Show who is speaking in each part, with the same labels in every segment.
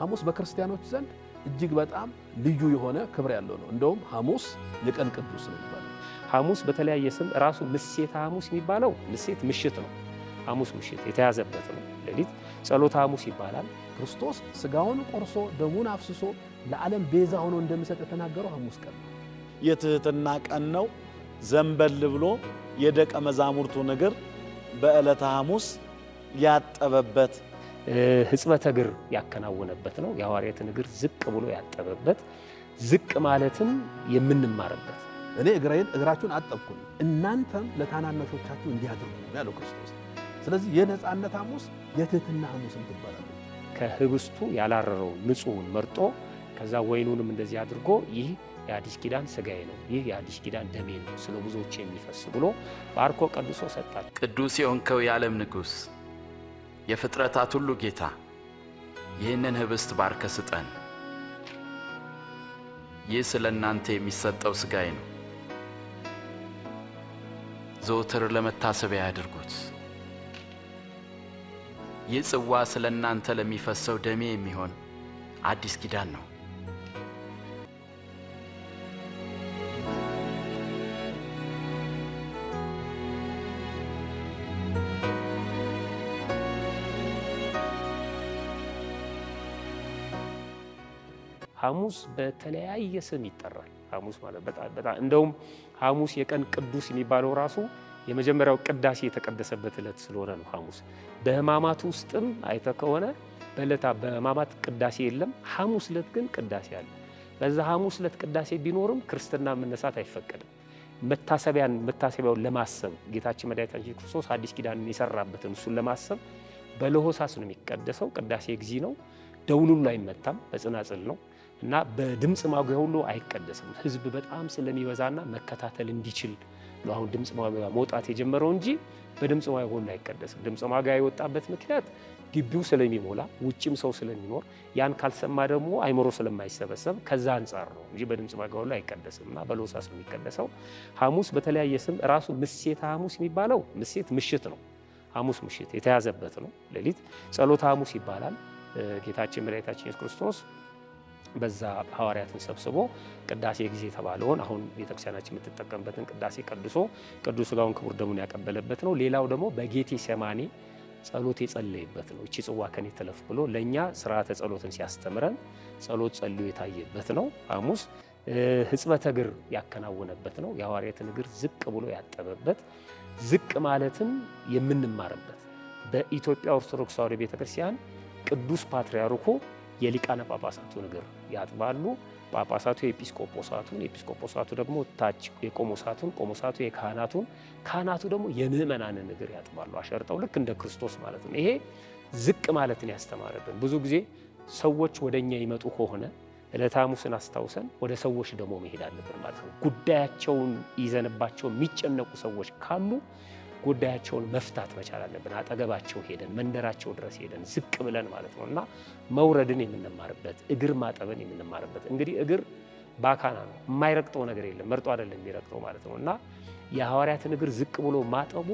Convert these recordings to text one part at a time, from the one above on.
Speaker 1: ሐሙስ በክርስቲያኖች ዘንድ እጅግ በጣም ልዩ የሆነ ክብር ያለው ነው። እንደውም ሐሙስ የቀን ቅዱስ ነው ይባላል።
Speaker 2: ሐሙስ በተለያየ ስም ራሱ ምሴተ ሐሙስ የሚባለው ምሴት ምሽት ነው። ሐሙስ ምሽት የተያዘበት ነው። ሌሊት ጸሎተ ሐሙስ ይባላል።
Speaker 1: ክርስቶስ ስጋውን ቆርሶ ደሙን አፍስሶ ለዓለም ቤዛ ሆኖ እንደሚሰጥ የተናገረው ሐሙስ ቀን ነው።
Speaker 3: የትህትና ቀን ነው። ዘንበል ብሎ የደቀ መዛሙርቱ እግር በዕለተ ሐሙስ ያጠበበት
Speaker 2: ህጽበተ እግር ያከናወነበት ነው። የሐዋርያትን እግር ዝቅ ብሎ ያጠበበት፣ ዝቅ ማለትን የምንማርበት
Speaker 1: እኔ እግራዬን እግራችሁን አጠብኩኝ እናንተም ለታናናሾቻችሁ እንዲያድርጉ ያለው ክርስቶስ። ስለዚህ የነፃነት ሐሙስ የትህትና ሐሙስም ትባላለች።
Speaker 2: ከህብስቱ ያላረረውን ንጹሑን መርጦ ከዛ ወይኑንም እንደዚህ አድርጎ ይህ የአዲስ ኪዳን ስጋዬ ነው፣ ይህ የአዲስ ኪዳን ደሜ ነው፣ ስለ ብዙዎች የሚፈስ ብሎ ባርኮ ቀድሶ ሰጣል።
Speaker 3: ቅዱስ የሆንከው የዓለም ንጉሥ የፍጥረታት ሁሉ ጌታ ይህንን ህብስት ባርከ ስጠን። ይህ ስለ እናንተ የሚሰጠው ሥጋዬ ነው። ዘወትር ለመታሰቢያ ያድርጉት። ይህ ጽዋ ስለ እናንተ ለሚፈሰው ደሜ የሚሆን አዲስ ኪዳን ነው።
Speaker 2: ሐሙስ በተለያየ ስም ይጠራል። ሐሙስ ማለት በጣም እንደውም ሐሙስ የቀን ቅዱስ የሚባለው ራሱ የመጀመሪያው ቅዳሴ የተቀደሰበት ዕለት ስለሆነ ነው። ሐሙስ በሕማማት ውስጥም አይተ ከሆነ በለታ በሕማማት ቅዳሴ የለም። ሐሙስ ዕለት ግን ቅዳሴ አለ። በዛ ሐሙስ ዕለት ቅዳሴ ቢኖርም ክርስትና መነሳት አይፈቀድም። መታሰቢያን መታሰቢያውን ለማሰብ ጌታችን መድኃኒታችን ክርስቶስ አዲስ ኪዳንን የሰራበትን እሱን ለማሰብ በለሆሳስ ነው የሚቀደሰው። ቅዳሴ እግዚእ ነው። ደውሉሉ አይመታም፣ በጽናጽል ነው። እና በድምፅ ማጉያ ሁሉ አይቀደስም። ህዝብ በጣም ስለሚበዛና መከታተል እንዲችል ነው አሁን ድምፅ ማጉያ መውጣት የጀመረው እንጂ በድምፅ ማጉያ ሁሉ አይቀደስም። ድምፅ ማጉያ የወጣበት ምክንያት ግቢው ስለሚሞላ ውጭም ሰው ስለሚኖር ያን ካልሰማ ደግሞ አይምሮ ስለማይሰበሰብ ከዛ አንጻር ነው እንጂ በድምፅ ማጉያ ሁሉ አይቀደስም እና በሎሳስ ነው የሚቀደሰው። ሐሙስ በተለያየ ስም ራሱ ምሴተ ሐሙስ የሚባለው ምሴት ምሽት ነው። ሐሙስ ምሽት የተያዘበት ነው። ሌሊት ጸሎተ ሐሙስ ይባላል። ጌታችን መድኃኒታችን ኢየሱስ ክርስቶስ በዛ ሐዋርያትን ሰብስቦ ቅዳሴ ጊዜ የተባለውን አሁን ቤተክርስቲያናችን የምትጠቀምበትን ቅዳሴ ቀድሶ ቅዱስ ሥጋውን ክቡር ደሙን ያቀበለበት ነው። ሌላው ደግሞ በጌቴ ሰማኔ ጸሎት የጸለየበት ነው። እቺ ጽዋ ከኔ ተለፍ ብሎ ለእኛ ስርዓተ ጸሎትን ሲያስተምረን ጸሎት ጸልዮ የታየበት ነው። ሐሙስ ሕጽበተ እግር ያከናወነበት ነው። የሐዋርያትን እግር ዝቅ ብሎ ያጠበበት ዝቅ ማለትን የምንማርበት በኢትዮጵያ ኦርቶዶክስ ተዋሕዶ ቤተክርስቲያን ቅዱስ ፓትርያርኩ የሊቃነ ጳጳሳቱን እግር ያጥባሉ። ጳጳሳቱ የኤጲስቆጶሳቱን፣ ኤጲስቆጶሳቱ ደግሞ ታች የቆሞሳቱን፣ ቆሞሳቱ የካህናቱን፣ ካህናቱ ደግሞ የምዕመናንን እግር ያጥባሉ አሸርጠው፣ ልክ እንደ ክርስቶስ ማለት ነው። ይሄ ዝቅ ማለትን ያስተማረብን። ብዙ ጊዜ ሰዎች ወደ እኛ ይመጡ ከሆነ ዕለተ ሐሙስን አስታውሰን ወደ ሰዎች ደግሞ መሄድ አለብን ማለት ነው። ጉዳያቸውን ይዘንባቸው የሚጨነቁ ሰዎች ካሉ ጉዳያቸውን መፍታት መቻል አለብን። አጠገባቸው ሄደን መንደራቸው ድረስ ሄደን ዝቅ ብለን ማለት ነው እና መውረድን የምንማርበት እግር ማጠብን የምንማርበት እንግዲህ እግር ባካና ነው የማይረግጠው ነገር የለም መርጦ አይደለም የሚረግጠው ማለት ነው እና የሐዋርያትን እግር ዝቅ ብሎ ማጠቡ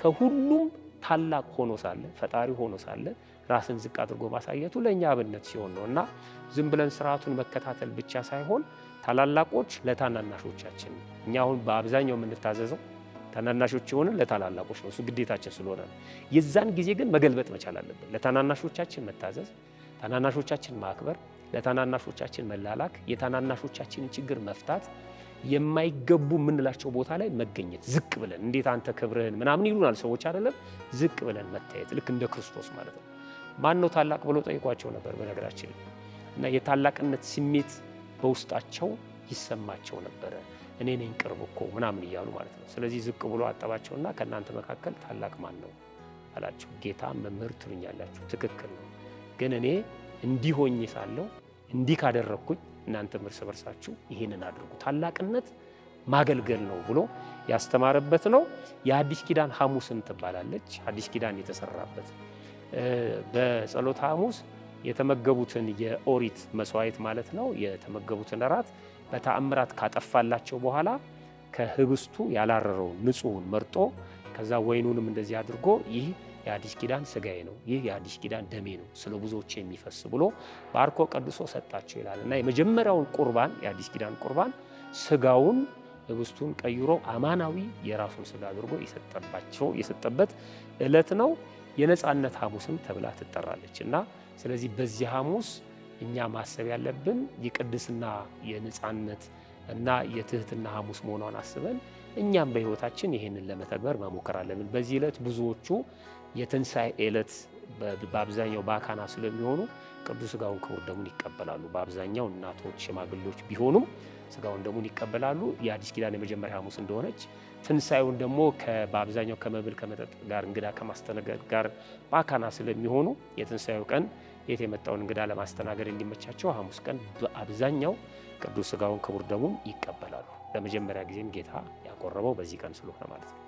Speaker 2: ከሁሉም ታላቅ ሆኖ ሳለ ፈጣሪ ሆኖ ሳለ ራስን ዝቅ አድርጎ ማሳየቱ ለእኛ አብነት ሲሆን ነው እና ዝም ብለን ስርዓቱን መከታተል ብቻ ሳይሆን ታላላቆች ለታናናሾቻችን እኛ አሁን በአብዛኛው የምንታዘዘው ታናናሾች የሆነ ለታላላቆች ነው። እሱ ግዴታችን ስለሆነ ነው። የዛን ጊዜ ግን መገልበጥ መቻል አለብን። ለታናናሾቻችን መታዘዝ፣ ታናናሾቻችን ማክበር፣ ለታናናሾቻችን መላላክ፣ የታናናሾቻችንን ችግር መፍታት፣ የማይገቡ የምንላቸው ቦታ ላይ መገኘት፣ ዝቅ ብለን እንዴት አንተ ክብርህን ምናምን ይሉናል ሰዎች አይደለም። ዝቅ ብለን መታየት ልክ እንደ ክርስቶስ ማለት ነው። ማን ነው ታላቅ ብሎ ጠይቋቸው ነበር በነገራችን እና የታላቅነት ስሜት በውስጣቸው ይሰማቸው ነበረ። እኔ ነኝ ቅርብ እኮ ምናምን እያሉ ማለት ነው። ስለዚህ ዝቅ ብሎ አጠባቸውና ከእናንተ መካከል ታላቅ ማን ነው አላቸው። ጌታ መምህር ትሉኛላችሁ፣ ትክክል ነው፣ ግን እኔ እንዲህ ሆኜ ሳለሁ እንዲህ ካደረግኩኝ እናንተም እርስ በርሳችሁ ይህንን አድርጉ፣ ታላቅነት ማገልገል ነው ብሎ ያስተማረበት ነው። የአዲስ ኪዳን ሐሙስን ትባላለች። አዲስ ኪዳን የተሰራበት በጸሎተ ሐሙስ የተመገቡትን የኦሪት መስዋዕት ማለት ነው የተመገቡትን እራት በተአምራት ካጠፋላቸው በኋላ ከህብስቱ ያላረረውን ንጹሑን መርጦ ከዛ ወይኑንም እንደዚህ አድርጎ ይህ የአዲስ ኪዳን ስጋዬ ነው፣ ይህ የአዲስ ኪዳን ደሜ ነው፣ ስለ ብዙዎች የሚፈስ ብሎ ባርኮ ቀድሶ ሰጣቸው ይላል እና የመጀመሪያውን ቁርባን የአዲስ ኪዳን ቁርባን ስጋውን ህብስቱን ቀይሮ አማናዊ የራሱን ስጋ አድርጎ የሰጠባቸው የሰጠበት ዕለት ነው። የነፃነት ሐሙስም ተብላ ትጠራለች እና ስለዚህ በዚህ ሐሙስ እኛ ማሰብ ያለብን የቅድስና የነፃነት እና የትህትና ሐሙስ መሆኗን አስበን እኛም በህይወታችን ይህንን ለመተግበር መሞከር አለብን። በዚህ ዕለት ብዙዎቹ የትንሣኤ ዕለት በአብዛኛው በአካና ስለሚሆኑ ቅዱስ ስጋውን ክቡር ደሙን ይቀበላሉ። በአብዛኛው እናቶች፣ ሽማግሌዎች ቢሆኑም ስጋውን ደሙን ይቀበላሉ። የአዲስ ኪዳን የመጀመሪያ ሐሙስ እንደሆነች ትንሣኤውን ደግሞ በአብዛኛው ከመብል ከመጠጥ ጋር እንግዳ ከማስተናገድ ጋር በአካና ስለሚሆኑ የትንሣኤው ቀን የት የመጣውን እንግዳ ለማስተናገድ እንዲመቻቸው ሐሙስ ቀን በአብዛኛው ቅዱስ ስጋውን ክቡር ደሙን ይቀበላሉ። ለመጀመሪያ ጊዜም ጌታ ያቆረበው በዚህ ቀን ስለሆነ ማለት ነው።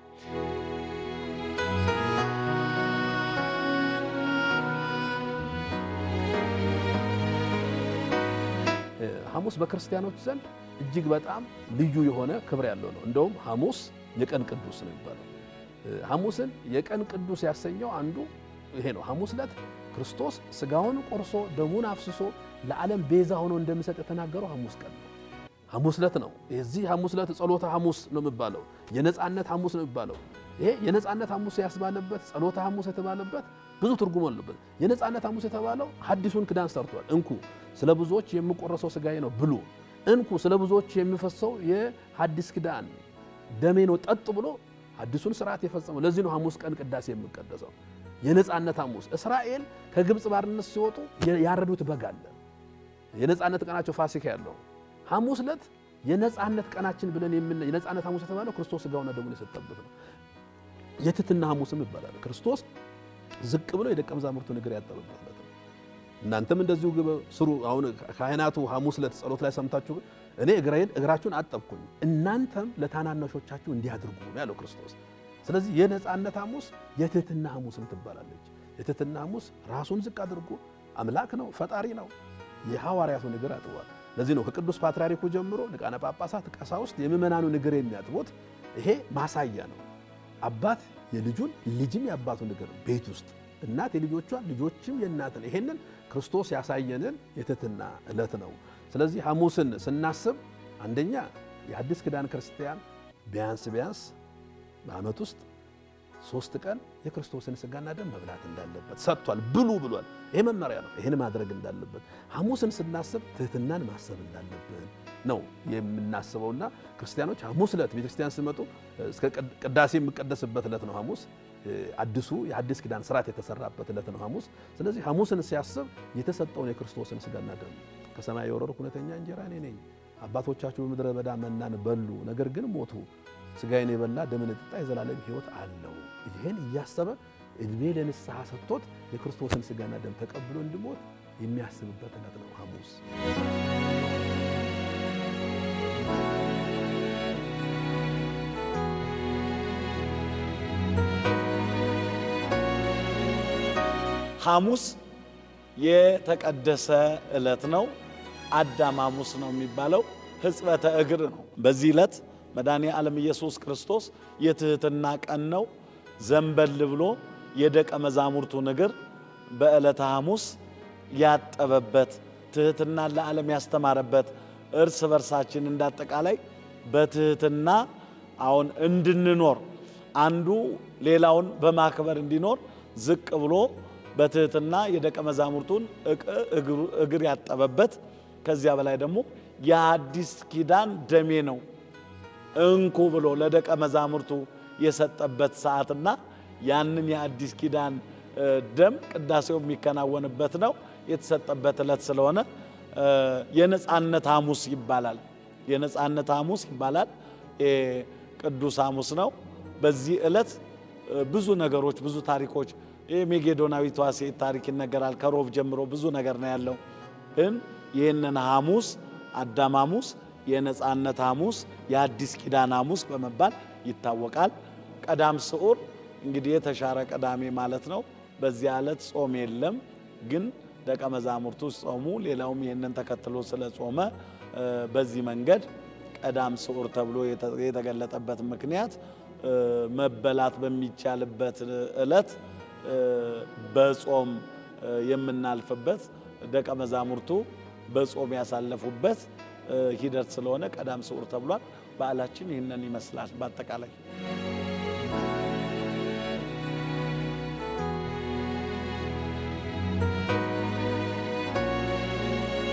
Speaker 1: ሐሙስ በክርስቲያኖች ዘንድ እጅግ በጣም ልዩ የሆነ ክብር ያለው ነው። እንደውም ሐሙስ የቀን ቅዱስ ነው የሚባለው። ሐሙስን የቀን ቅዱስ ያሰኘው አንዱ ይሄ ነው። ሐሙስ ዕለት ክርስቶስ ስጋውን ቆርሶ ደሙን አፍስሶ ለዓለም ቤዛ ሆኖ እንደሚሰጥ የተናገረው ሐሙስ ቀን ነው። ሐሙስ ዕለት ነው። የዚህ ሐሙስ ዕለት ጸሎተ ሐሙስ ነው የሚባለው፣ የነፃነት ሐሙስ ነው የሚባለው። ይሄ የነፃነት ሐሙስ ያስባለበት ጸሎተ ሐሙስ የተባለበት ብዙ ትርጉም አለበት። የነፃነት ሐሙስ የተባለው አዲሱን ክዳን ሰርቷል። እንኩ ስለ ብዙዎች የሚቆረሰው ስጋዬ ነው ብሉ፣ እንኩ ስለ ብዙዎች የሚፈሰው የሐዲስ ክዳን ደሜ ነው ጠጡ ብሎ አዲሱን ስርዓት የፈጸመው ለዚህ ነው ሐሙስ ቀን ቅዳሴ የሚቀደሰው። የነፃነት ሐሙስ እስራኤል ከግብፅ ባርነት ሲወጡ ያረዱት በግ አለ። የነፃነት ቀናቸው ፋሲካ ያለው ሐሙስ ዕለት የነፃነት ቀናችን ብለን የነፃነት ሐሙስ የተባለው ክርስቶስ ሥጋውና ደሙን የሰጠበት ነው። የትትና ሐሙስም ይባላል። ክርስቶስ ዝቅ ብሎ የደቀ መዛሙርቱን እግር ያጠበበት ነው። እናንተም እንደዚሁ ስሩ። አሁን ካህናቱ ሐሙስ ዕለት ጸሎት ላይ ሰምታችሁ እኔ እግራችሁን አጠብኩኝ እናንተም ለታናናሾቻችሁ እንዲያድርጉ ነው ያለው ክርስቶስ። ስለዚህ የነፃነት ሐሙስ የትህትና ሐሙስም ትባላለች። የትህትና ሐሙስ ራሱን ዝቅ አድርጎ አምላክ ነው፣ ፈጣሪ ነው፣ የሐዋርያቱን እግር አጥቧል። ለዚህ ነው ከቅዱስ ፓትርያርኩ ጀምሮ ሊቃነ ጳጳሳት፣ ቀሳውስት የምእመናኑን እግር የሚያጥቡት። ይሄ ማሳያ ነው። አባት የልጁን ልጅም የአባቱን እግር ቤት ውስጥ እናት የልጆቿን ልጆችም የእናትን ይሄንን ክርስቶስ ያሳየንን የትህትና ዕለት ነው። ስለዚህ ሐሙስን ስናስብ አንደኛ የአዲስ ኪዳን ክርስቲያን ቢያንስ ቢያንስ በዓመት ውስጥ ሶስት ቀን የክርስቶስን ስጋና ደም መብላት እንዳለበት ሰጥቷል። ብሉ ብሏል። ይህ መመሪያ ነው። ይህን ማድረግ እንዳለበት ሐሙስን ስናስብ ትህትናን ማሰብ እንዳለብን ነው የምናስበውና ክርስቲያኖች ሐሙስ ዕለት ቤተክርስቲያን ስመጡ እስከ ቅዳሴ የሚቀደስበት ዕለት ነው ሐሙስ አዲሱ የአዲስ ኪዳን ስርዓት የተሰራበት ዕለት ነው ሐሙስ። ስለዚህ ሐሙስን ሲያስብ የተሰጠውን የክርስቶስን ስጋና ደም ከሰማይ የወረድኩ እውነተኛ እንጀራ እኔ ነኝ፣ አባቶቻችሁ በምድረ በዳ መናን በሉ፣ ነገር ግን ሞቱ ስጋዬን የበላ ደምን የጠጣ የዘላለም ሕይወት አለው። ይህን እያሰበ እድሜ ለንስሐ ሰጥቶት የክርስቶስን ስጋና ደም ተቀብሎ እንዲሞት የሚያስብበት ዕለት ነው ሐሙስ።
Speaker 3: ሐሙስ የተቀደሰ ዕለት ነው። አዳም ሐሙስ ነው የሚባለው። ሕጽበተ እግር ነው በዚህ ዕለት መድኃኔ ዓለም ኢየሱስ ክርስቶስ የትህትና ቀን ነው። ዘንበል ብሎ የደቀ መዛሙርቱን እግር በዕለተ ሐሙስ ያጠበበት ትህትናን ለዓለም ያስተማረበት እርስ በርሳችን እንዳጠቃላይ በትህትና አሁን እንድንኖር አንዱ ሌላውን በማክበር እንዲኖር ዝቅ ብሎ በትህትና የደቀ መዛሙርቱን እግር ያጠበበት ከዚያ በላይ ደግሞ የአዲስ ኪዳን ደሜ ነው እንኩ ብሎ ለደቀ መዛሙርቱ የሰጠበት ሰዓትና ያንን የአዲስ ኪዳን ደም ቅዳሴው የሚከናወንበት ነው የተሰጠበት ዕለት ስለሆነ የነፃነት ሐሙስ ይባላል። የነፃነት ሐሙስ ይባላል። ቅዱስ ሐሙስ ነው። በዚህ ዕለት ብዙ ነገሮች፣ ብዙ ታሪኮች የሜጌዶናዊቷ ሴት ታሪክ ይነገራል። ከሮብ ጀምሮ ብዙ ነገር ነው ያለው። ግን ይህንን ሐሙስ አዳም ሐሙስ የነፃነት ሐሙስ፣ የአዲስ ኪዳን ሐሙስ በመባል ይታወቃል። ቀዳም ስዑር እንግዲህ የተሻረ ቀዳሜ ማለት ነው። በዚህ ዕለት ጾም የለም፣ ግን ደቀ መዛሙርቱ ጾሙ፣ ሌላውም ይህንን ተከትሎ ስለ ጾመ በዚህ መንገድ ቀዳም ስዑር ተብሎ የተገለጠበት ምክንያት መበላት በሚቻልበት ዕለት በጾም የምናልፍበት ደቀ መዛሙርቱ በጾም ያሳለፉበት ሂደት ስለሆነ ቀዳም ስዑር ተብሏል። በዓላችን ይህንን ይመስላል በአጠቃላይ